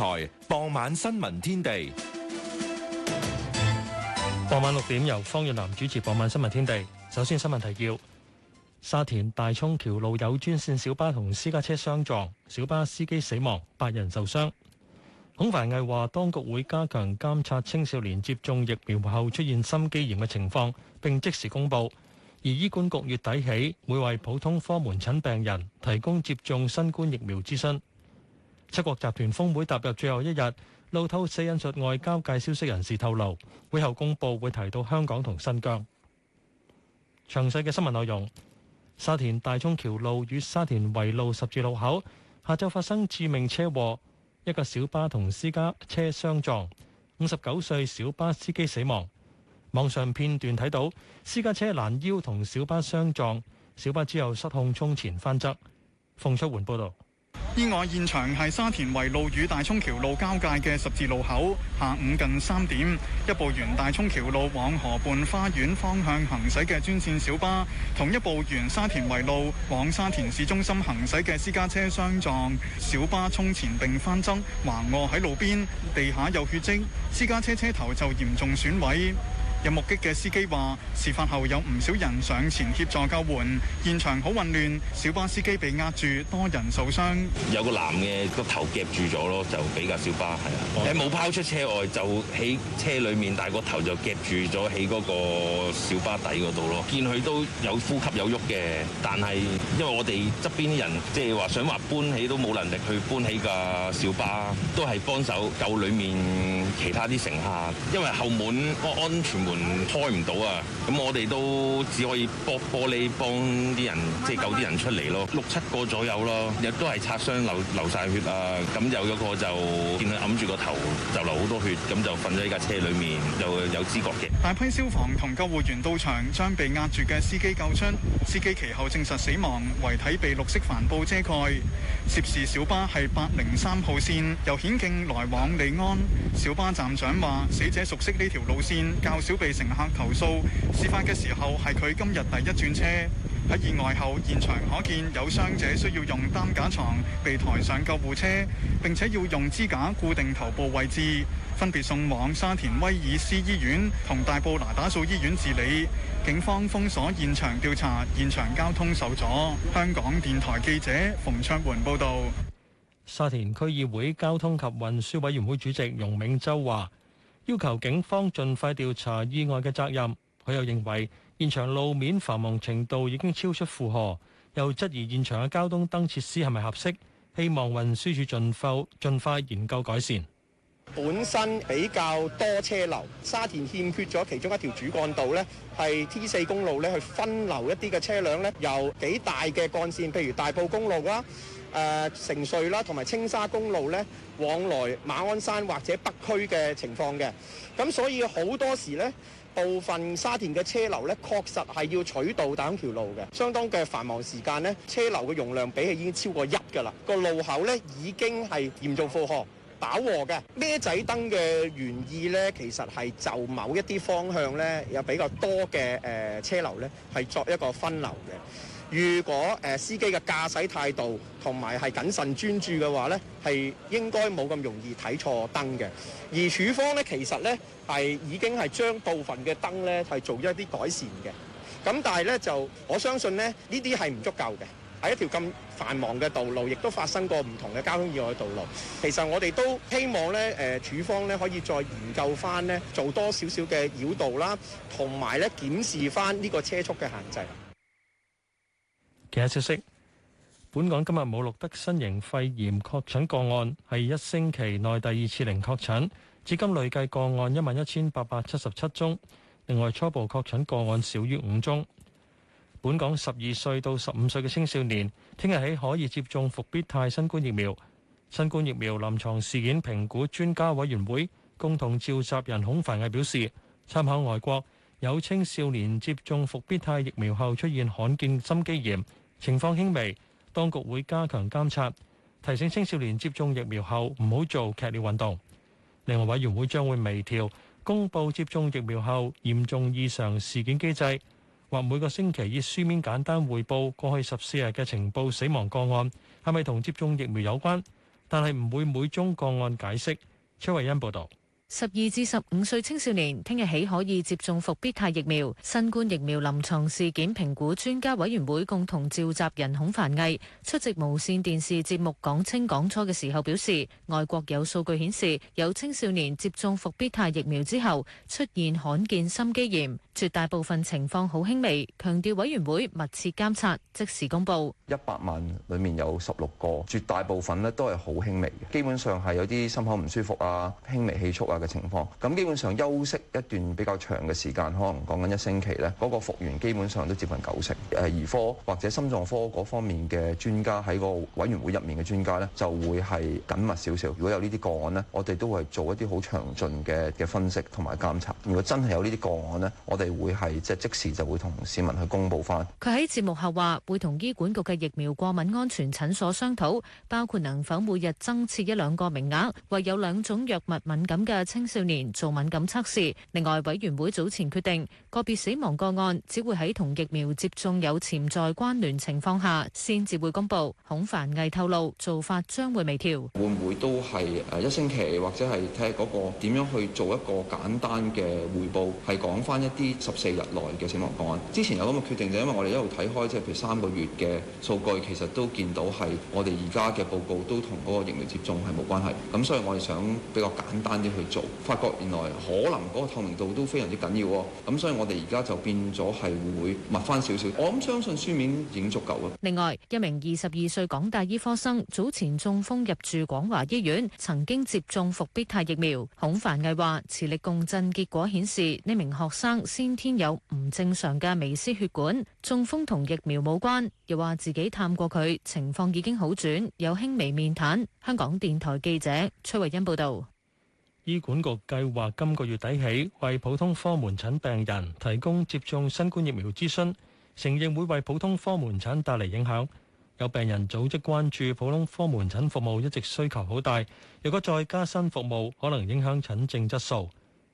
台傍晚新聞天地，傍晚六點由方若男主持。傍晚新聞天地，首先新聞提要：沙田大涌橋路有專線小巴同私家車相撞，小巴司機死亡，八人受傷。孔凡毅話，當局會加強監察青少年接種疫苗後出現心肌炎嘅情況，並即時公布。而醫管局月底起會為普通科門診病人提供接種新冠疫苗諮詢。七國集團峰會踏入最後一日，路透社引述外交界消息人士透露，會後公佈會提到香港同新疆。詳細嘅新聞內容，沙田大涌橋路與沙田圍路十字路口，下晝發生致命車禍，一個小巴同私家車相撞，五十九歲小巴司機死亡。網上片段睇到私家車攔腰同小巴相撞，小巴之後失控衝前翻側。馮卓桓報導。意外現場係沙田圍路與大涌橋路交界嘅十字路口，下午近三點，一部沿大涌橋路往河畔花園方向行駛嘅專線小巴，同一部沿沙田圍路往沙田市中心行駛嘅私家車相撞，小巴衝前並翻側橫臥喺路邊，地下有血跡，私家車車頭就嚴重損毀。有目擊嘅司機話，事發後有唔少人上前協助救援，現場好混亂，小巴司機被壓住，多人受傷。有個男嘅個頭夾住咗咯，就畀架小巴係啊，係冇忙拋出車外，就喺車裡面，但係個頭就夾住咗喺嗰個小巴底嗰度咯。見佢都有呼吸有喐嘅，但係因為我哋側邊啲人即係話想話搬起都冇能力去搬起架小巴，都係幫手救裡面其他啲乘客，因為後門安安全。門開唔到啊！咁我哋都只可以剝玻璃幫啲人，即係救啲人出嚟咯，六七個左右咯，亦都係擦傷流流曬血啊！咁有一個就見佢揞住個頭，就流好多血，咁就瞓咗喺架車裡面，有有知覺嘅。大批消防同救護員到場，將被壓住嘅司機救出，司機其後證實死亡，遺體被綠色帆布遮蓋。涉事小巴係八零三號線，由顯徑來往利安。小巴站長話：死者熟悉呢條路線，較少。被乘客投訴，事發嘅時候，係佢今日第一轉車。喺意外後現場可見有傷者需要用擔架床被抬上救護車，並且要用支架固定頭部位置，分別送往沙田威爾斯醫院同大埔拿打素醫院治理。警方封鎖現場調查，現場交通受阻。香港電台記者馮卓桓報道。沙田區議會交通及運輸委員會主席容銘洲話。要求警方盡快調查意外嘅責任。佢又認為現場路面繁忙程度已經超出負荷，又質疑現場嘅交通燈設施係咪合適，希望運輸署盡快盡快研究改善。本身比較多車流，沙田欠缺咗其中一條主幹道呢，係 T4 公路呢去分流一啲嘅車輛呢，由幾大嘅幹線，譬如大埔公路啦、啊。誒、呃、城隧啦，同埋青沙公路咧，往來馬鞍山或者北區嘅情況嘅，咁所以好多時咧，部分沙田嘅車流咧，確實係要取道大涌橋路嘅，相當嘅繁忙時間咧，車流嘅容量比起已經超過一㗎啦，個路口咧已經係嚴重負荷飽和嘅。咩仔燈嘅原意咧，其實係就某一啲方向咧，有比較多嘅誒、呃、車流咧，係作一個分流嘅。如果誒司機嘅駕駛態度同埋係謹慎專注嘅話呢係應該冇咁容易睇錯燈嘅。而處方呢，其實呢係已經係將部分嘅燈呢係做咗一啲改善嘅。咁但係呢，就我相信呢，呢啲係唔足夠嘅。喺一條咁繁忙嘅道路，亦都發生過唔同嘅交通意外嘅道路。其實我哋都希望呢誒處方呢，可以再研究翻呢，做多少少嘅繞道啦，同埋呢檢視翻呢個車速嘅限制。其他消息，本港今日冇錄得新型肺炎確診個案，係一星期內第二次零確診，至今累計個案一萬一千八百七十七宗。另外，初步確診個案少於五宗。本港十二歲到十五歲嘅青少年，聽日起可以接種復必泰新冠疫苗。新冠疫苗臨床事件評估專家委員會共同召集人孔凡毅表示，參考外國有青少年接種復必泰疫苗後出現罕見心肌炎。情況輕微，當局會加強監察，提醒青少年接種疫苗後唔好做劇烈運動。另外，委員會將會微調公佈接種疫苗後嚴重異常事件機制，或每個星期以書面簡單彙報過去十四日嘅情報死亡個案係咪同接種疫苗有關，但係唔會每宗個案解釋。崔慧恩報導。十二至十五歲青少年聽日起可以接種復必泰疫苗。新冠疫苗臨床事件評估專家委員會共同召集人孔繁毅出席無線電視節目講清講楚嘅時候表示，外國有數據顯示有青少年接種復必泰疫苗之後出現罕見心肌炎，絕大部分情況好輕微。強調委員會密切監察，即時公布。一百萬裏面有十六個，絕大部分呢都係好輕微嘅，基本上係有啲心口唔舒服啊，輕微氣促啊。嘅情況，咁基本上休息一段比較長嘅時間，可能講緊一星期咧，嗰個復原基本上都接近九成。誒兒科或者心臟科嗰方面嘅專家喺個委員會入面嘅專家咧，就會係緊密少少。如果有呢啲個案咧，我哋都會做一啲好詳盡嘅嘅分析同埋監察。如果真係有呢啲個案咧，我哋會係即係即時就會同市民去公布翻。佢喺節目後話會同醫管局嘅疫苗過敏安全診所商討，包括能否每日增設一兩個名額，或有兩種藥物敏感嘅。青少年做敏感測試，另外，委員會早前決定，個別死亡個案只會喺同疫苗接種有潛在關聯情況下，先至會公布，孔繁毅透露，做法將會微調。會唔會都係誒一星期，或者係睇下嗰個點樣去做一個簡單嘅匯報，係講翻一啲十四日內嘅死亡個案。之前有咁嘅決定，就因為我哋一路睇開即係譬如三個月嘅數據其實都見到係我哋而家嘅報告都同嗰個疫苗接種係冇關係，咁所以我哋想比較簡單啲去做。發覺原來可能嗰個透明度都非常之緊要喎，咁所以我哋而家就變咗係會密返少少。我諗相信書面已經足夠啦。另外，一名二十二歲港大醫科生早前中風入住廣華醫院，曾經接種復必泰疫苗。孔繁毅話：磁力共振結果顯示呢名學生先天有唔正常嘅微絲血管中風同疫苗冇關。又話自己探過佢情況已經好轉，有輕微面癱。香港電台記者崔慧恩報導。醫管局計劃今個月底起為普通科門診病人提供接種新冠疫苗諮詢，承認會為普通科門診帶嚟影響。有病人組織關注普通科門診服務一直需求好大，如果再加新服務，可能影響診症質素。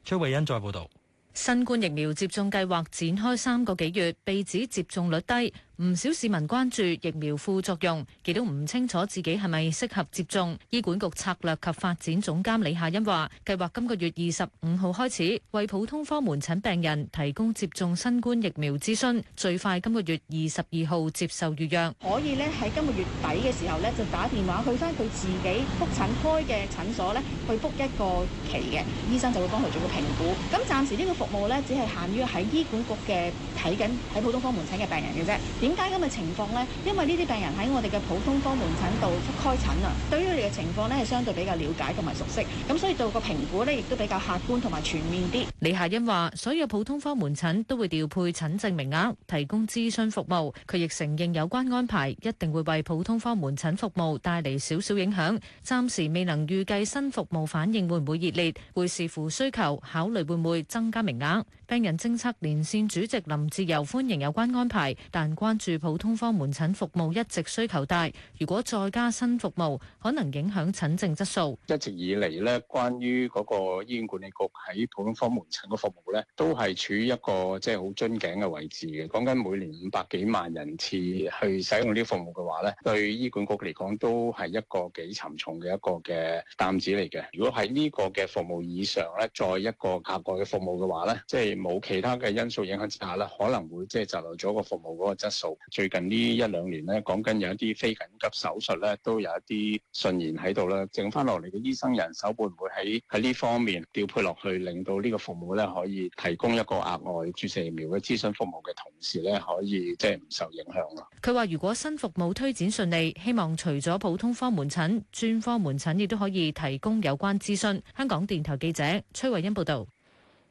崔慧欣再報道：新冠疫苗接種計劃展開三個幾月，被指接種率低。唔少市民關注疫苗副作用，亦都唔清楚自己係咪適合接種。醫管局策略及發展總監李夏欣話，計劃今個月二十五號開始，為普通科門診病人提供接種新冠疫苗諮詢，最快今個月二十二號接受預約。可以咧喺今個月底嘅時候咧，就打電話去返佢自己覆診開嘅診所咧，去覆一個期嘅醫生就會幫佢做個評估。咁暫時呢個服務咧，只係限於喺醫管局嘅睇緊喺普通科門診嘅病人嘅啫。點解咁嘅情況呢？因為呢啲病人喺我哋嘅普通科門診度開診啊，對於佢哋嘅情況呢，係相對比較了解同埋熟悉，咁所以做個評估呢，亦都比較客觀同埋全面啲。李夏欣話：所有普通科門診都會調配診症名額，提供諮詢服務。佢亦承認有關安排一定會為普通科門診服務帶嚟少少影響，暫時未能預計新服務反應會唔會熱烈，會視乎需求，考慮會唔會增加名額。病人政策連線主席林志由歡迎有關安排，但關注普通科門診服務一直需求大，如果再加新服務，可能影響診症質素。一直以嚟咧，關於嗰個醫院管理局喺普通科門診嘅服務咧，都係處於一個即係好樽頸嘅位置嘅。講緊每年五百幾萬人次去使用呢個服務嘅話咧，對醫管局嚟講都係一個幾沉重嘅一個嘅擔子嚟嘅。如果喺呢個嘅服務以上咧，再一個額外嘅服務嘅話咧，即係。冇其他嘅因素影響之下咧，可能會即係窒留咗個服務嗰個質素。最近呢一兩年咧，講緊有一啲非緊急手術咧，都有一啲順延喺度啦，剩翻落嚟嘅醫生人手會唔會喺喺呢方面調配落去，令到呢個服務咧可以提供一個額外注射疫苗嘅諮詢服務嘅同時咧，可以即係唔受影響。啊。佢話，如果新服務推展順利，希望除咗普通科門診專科門診亦都可以提供有關資訊。香港電台記者崔慧欣報道。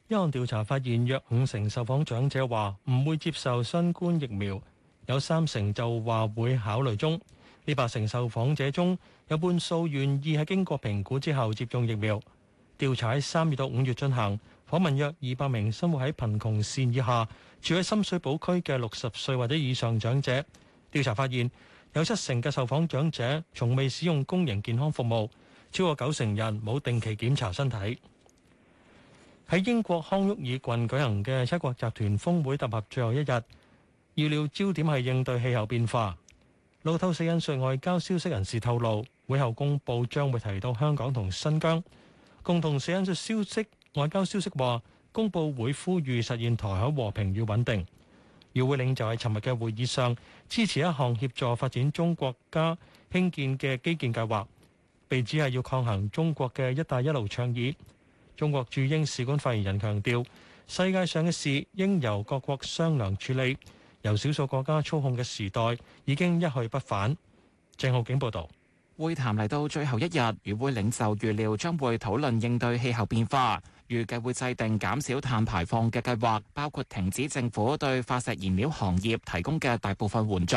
一項調查發現，約五成受訪長者話唔會接受新冠疫苗，有三成就話會考慮中。呢八成受訪者中有半數願意喺經過評估之後接種疫苗。調查喺三月到五月進行，訪問約二百名生活喺貧窮線以下、住喺深水埗區嘅六十歲或者以上長者。調查發現，有七成嘅受訪長者從未使用公營健康服務，超過九成人冇定期檢查身體。喺英國康沃爾郡舉行嘅七國集團峯會踏入最後一日，預料焦點係應對氣候變化。路透社引述外交消息人士透露，會後公佈將會提到香港同新疆。共同社引述消息外交消息話，公佈會呼籲實現台海和平與穩定。與會領袖就喺尋日嘅會議上支持一項協助發展中國家興建嘅基建計劃，被指係要抗衡中國嘅一帶一路倡議。中國駐英使館發言人強調，世界上嘅事應由各國商量處理，由少數國家操控嘅時代已經一去不返。鄭浩景報導，會談嚟到最後一日，與會領袖預料將會討論應對氣候變化，預計會制定減少碳排放嘅計劃，包括停止政府對化石燃料行業提供嘅大部分援助，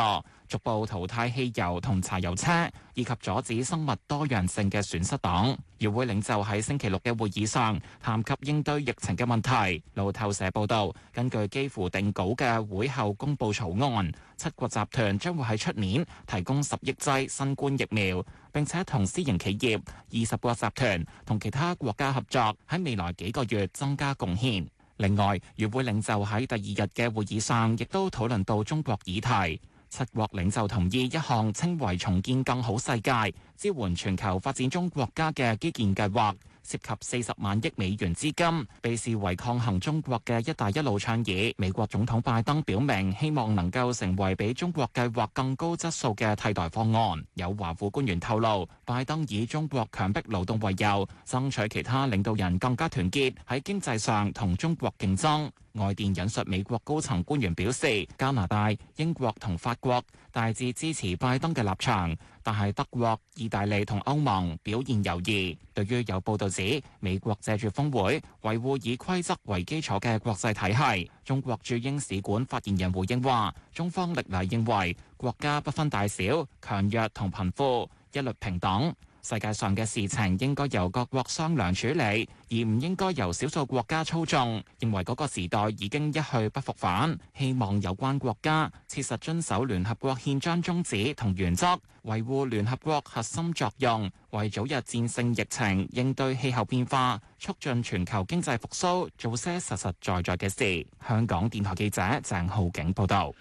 逐步淘汰汽油同柴油車，以及阻止生物多樣性嘅損失等。與會領袖喺星期六嘅會議上談及應對疫情嘅問題。路透社報道，根據幾乎定稿嘅會後公布草案，七國集團將會喺出年提供十億劑新冠疫苗，並且同私營企業、二十國集團同其他國家合作，喺未來幾個月增加貢獻。另外，與會領袖喺第二日嘅會議上亦都討論到中國議題。七國領袖同意一項稱為重建更好世界、支援全球發展中國家嘅基建計劃，涉及四十萬億美元資金，被視為抗衡中國嘅「一帶一路」倡議。美國總統拜登表明，希望能夠成為比中國計劃更高質素嘅替代方案。有華府官員透露，拜登以中國強迫勞動為由，爭取其他領導人更加團結，喺經濟上同中國競爭。外電引述美國高層官員表示，加拿大、英國同法國大致支持拜登嘅立場，但係德國、意大利同歐盟表現猶疑。對於有報道指美國借住峰會維護以規則為基礎嘅國際體系，中國駐英使館發言人回應話中方歷來認為國家不分大小、強弱同貧富，一律平等。世界上嘅事情應該由各國商量處理，而唔應該由少數國家操縱，認為嗰個時代已經一去不復返，希望有關國家切實遵守聯合國憲章宗旨同原則，維護聯合國核心作用，為早日戰勝疫情、應對氣候變化、促進全球經濟復蘇做些實實在在嘅事。香港電台記者鄭浩景報道。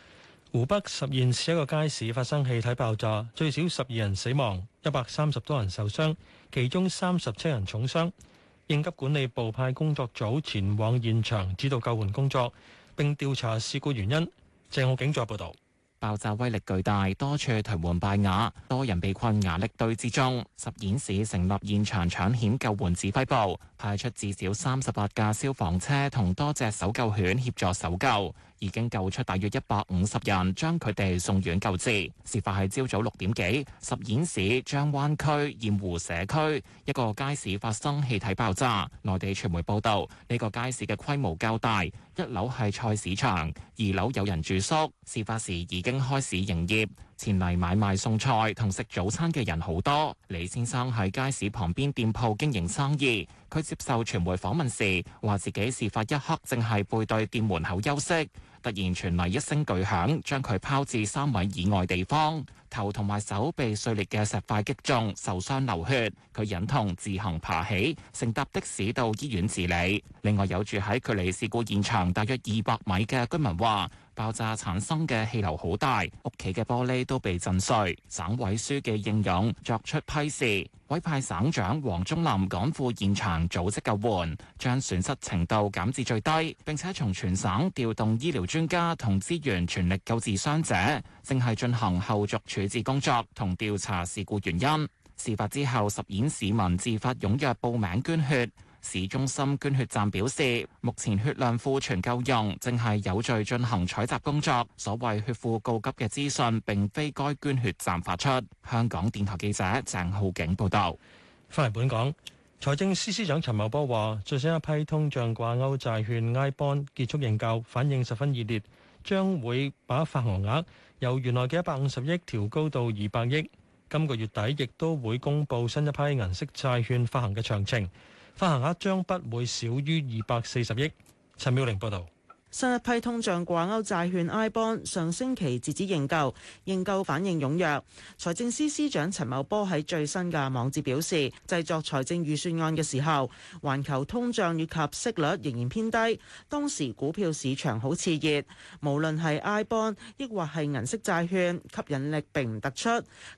湖北十堰市一個街市發生氣體爆炸，最少十二人死亡，一百三十多人受傷，其中三十七人重傷。應急管理部派工作組前往現場指導救援工作，並調查事故原因。鄭浩景再報道：爆炸威力巨大，多處頹垣敗瓦，多人被困瓦礫堆之中。十堰市成立現場搶險救援指揮部，派出至少三十八架消防車同多隻搜救犬協助搜救。已經救出大約一百五十人，將佢哋送院救治。事發喺朝早六點幾，十堰市張灣區鹽湖社區一個街市發生氣體爆炸。內地傳媒報道，呢、這個街市嘅規模較大，一樓係菜市場，二樓有人住宿。事發時已經開始營業，前嚟買賣餸菜同食早餐嘅人好多。李先生喺街市旁邊店鋪經營生意，佢接受傳媒訪問時話：自己事發一刻正係背對店門口休息。突然傳嚟一聲巨響，將佢拋至三米以外地方，頭同埋手被碎裂嘅石塊擊中，受傷流血。佢忍痛自行爬起，乘搭的士到醫院治理。另外有住喺距離事故現場大約二百米嘅居民話。爆炸產生嘅氣流好大，屋企嘅玻璃都被震碎。省委書記應勇作出批示，委派省長王忠林趕赴現場組織救援，將損失程度減至最低。並且從全省調動醫療專家同資源，全力救治傷者。正係進行後續處置工作同調查事故原因。事發之後，十堰市民自發踴躍報名捐血。市中心捐血站表示，目前血量庫存夠用，正係有序進行採集工作。所謂血庫告急嘅資訊，並非該捐血站發出。香港電台記者鄭浩景報道。翻嚟本港，財政司司長陳茂波話，最新一批通脹掛鈎債券 iBond 結束認購，反應十分熱烈，將會把發行額由原來嘅一百五十億調高到二百億。今個月底亦都會公布新一批銀色債券發行嘅詳情。發行額將不會少於二百四十億。陳妙玲報導。新一批通脹掛鈎債券 I bond 上星期截止認購，認購反應踴躍。財政司司長陳茂波喺最新嘅網誌表示，製作財政預算案嘅時候，環球通脹與及息率仍然偏低，當時股票市場好熾熱，無論係 I bond 抑或係銀色債券，吸引力並唔突出。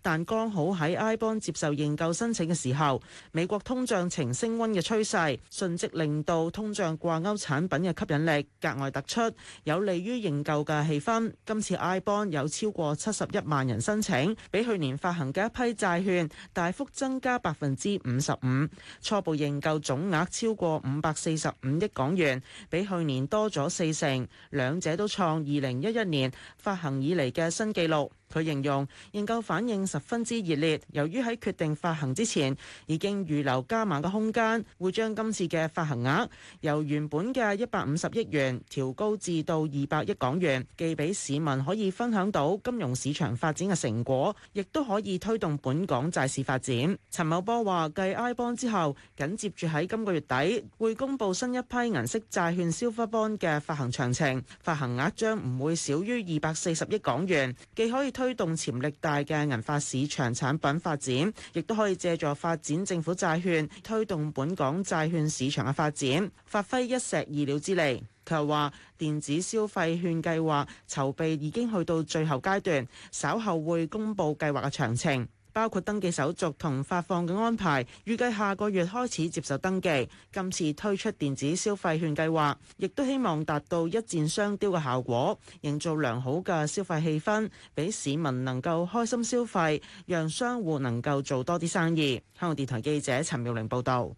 但剛好喺 I bond 接受認購申請嘅時候，美國通脹呈升溫嘅趨勢，瞬即令到通脹掛鈎產品嘅吸引力格外大。突出有利於認購嘅氣氛。今次 I bond 有超過七十一萬人申請，比去年發行嘅一批債券大幅增加百分之五十五。初步認購總額超過五百四十五億港元，比去年多咗四成，兩者都創二零一一年發行以嚟嘅新紀錄。佢形容認購反應十分之熱烈，由於喺決定發行之前已經預留加碼嘅空間，會將今次嘅發行額由原本嘅一百五十億元調高至到二百億港元，既俾市民可以分享到金融市場發展嘅成果，亦都可以推動本港債市發展。陳茂波話，繼 iBond 之後，緊接住喺今個月底會公布新一批銀色債券 Silver Bond 嘅發行詳情，發行額將唔會少於二百四十億港元，既可以。推動潛力大嘅銀髮市場產品發展，亦都可以借助發展政府債券，推動本港債券市場嘅發展，發揮一石二鳥之利。佢又話，電子消費券計劃籌備已經去到最後階段，稍後會公布計劃嘅詳情。包括登記手續同發放嘅安排，預計下個月開始接受登記。今次推出電子消費券計劃，亦都希望達到一箭雙雕嘅效果，營造良好嘅消費氣氛，俾市民能夠開心消費，讓商戶能夠做多啲生意。香港電台記者陳妙玲報道。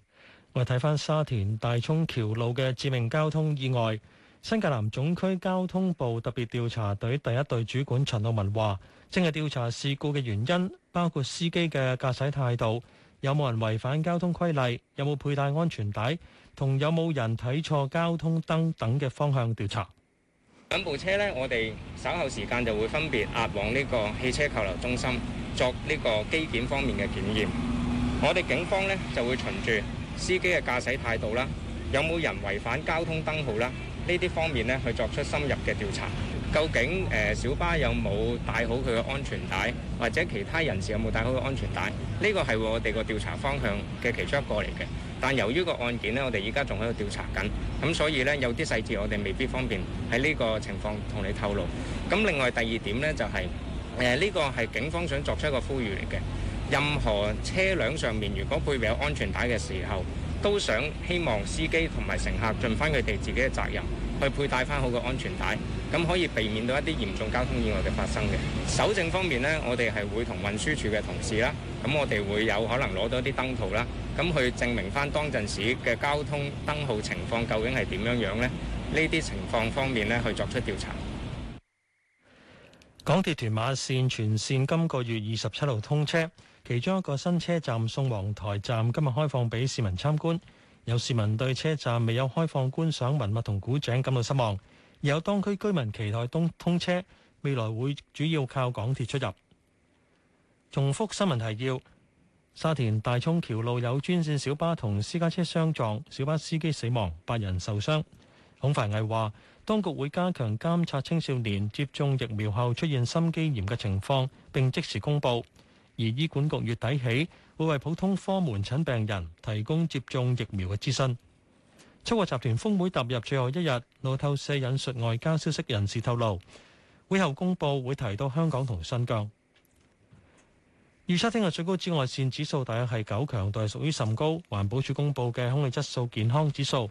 我哋睇翻沙田大涌橋路嘅致命交通意外。新界南總區交通部特別調查隊第一隊主管陳浩文話，正係調查事故嘅原因，包括司機嘅駕駛態度，有冇人違反交通規例，有冇佩戴安全帶，同有冇人睇錯交通燈等嘅方向調查。兩部車呢，我哋稍後時間就會分別押往呢個汽車扣留中心作呢個機檢方面嘅檢驗。我哋警方呢就會循住司機嘅駕駛態度啦，有冇人違反交通燈號啦。呢啲方面咧，去作出深入嘅調查，究竟誒、呃、小巴有冇帶好佢嘅安全帶，或者其他人士有冇帶好嘅安全帶，呢個係我哋個調查方向嘅其中一個嚟嘅。但由於個案件咧，我哋而家仲喺度調查緊，咁所以咧，有啲細節我哋未必方便喺呢個情況同你透露。咁另外第二點咧，就係誒呢個係警方想作出一個呼籲嚟嘅，任何車輛上面如果配備有安全帶嘅時候，都想希望司機同埋乘客盡翻佢哋自己嘅責任，去佩戴翻好個安全帶，咁可以避免到一啲嚴重交通意外嘅發生嘅。搜證方面呢，我哋係會同運輸處嘅同事啦，咁我哋會有可能攞到一啲燈套啦，咁去證明翻當陣時嘅交通燈號情況究竟係點樣樣呢。呢啲情況方面呢，去作出調查。港鐵屯馬線全線今個月二十七號通車，其中一個新車站——宋皇台站，今日開放俾市民參觀。有市民對車站未有開放觀賞文物同古井感到失望，有當區居民期待通，通車，未來會主要靠港鐵出入。重複新聞提要：沙田大涌橋路有專線小巴同私家車相撞，小巴司機死亡，八人受傷。孔繁毅話。當局會加強監察青少年接種疫苗後出現心肌炎嘅情況，並即時公佈。而醫管局月底起會為普通科門診病人提供接種疫苗嘅諮詢。七國集團峰會踏入最後一日，路透社引述外交消息人士透露，會後公佈會提到香港同新疆。預測聽日最高紫外線指數大約係九強度，屬於甚高。環保署公佈嘅空氣質素健康指數。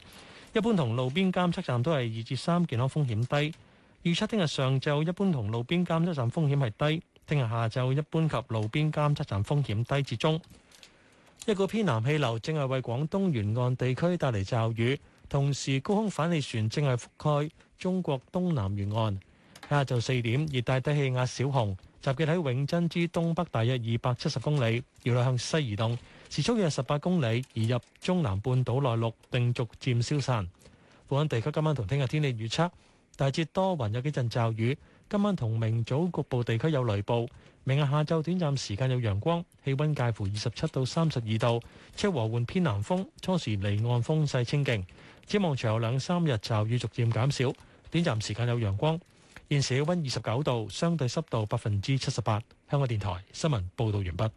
一般同路邊監測站都係二至三健康風險低。預測聽日上晝一般同路邊監測站風險係低，聽日下晝一般及路邊監測站風險低至中。一個偏南氣流正係為廣東沿岸地區帶嚟驟雨，同時高空反氣旋正係覆蓋中國東南沿岸。下晝四點熱帶低氣壓小熊集結喺永珍之東北大約二百七十公里，要嚟向西移動。時速約十八公里，移入中南半島內陸，並逐漸消散。本港地區今晚同聽日天氣預測，大致多雲有幾陣驟雨。今晚同明早局部地區有雷暴。明日下晝短暫時間有陽光，氣温介乎二十七到三十二度，吹和緩偏南風，初時離岸風勢清勁。展望隨後兩三日驟雨逐漸減少，短暫時間有陽光。現時氣温二十九度，相對濕度百分之七十八。香港電台新聞報導完畢。